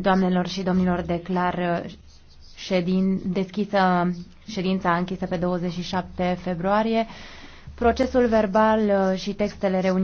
Doamnelor și domnilor, declar uh, ședin, deschisă ședința închisă pe 27 februarie. Procesul verbal uh, și textele reunite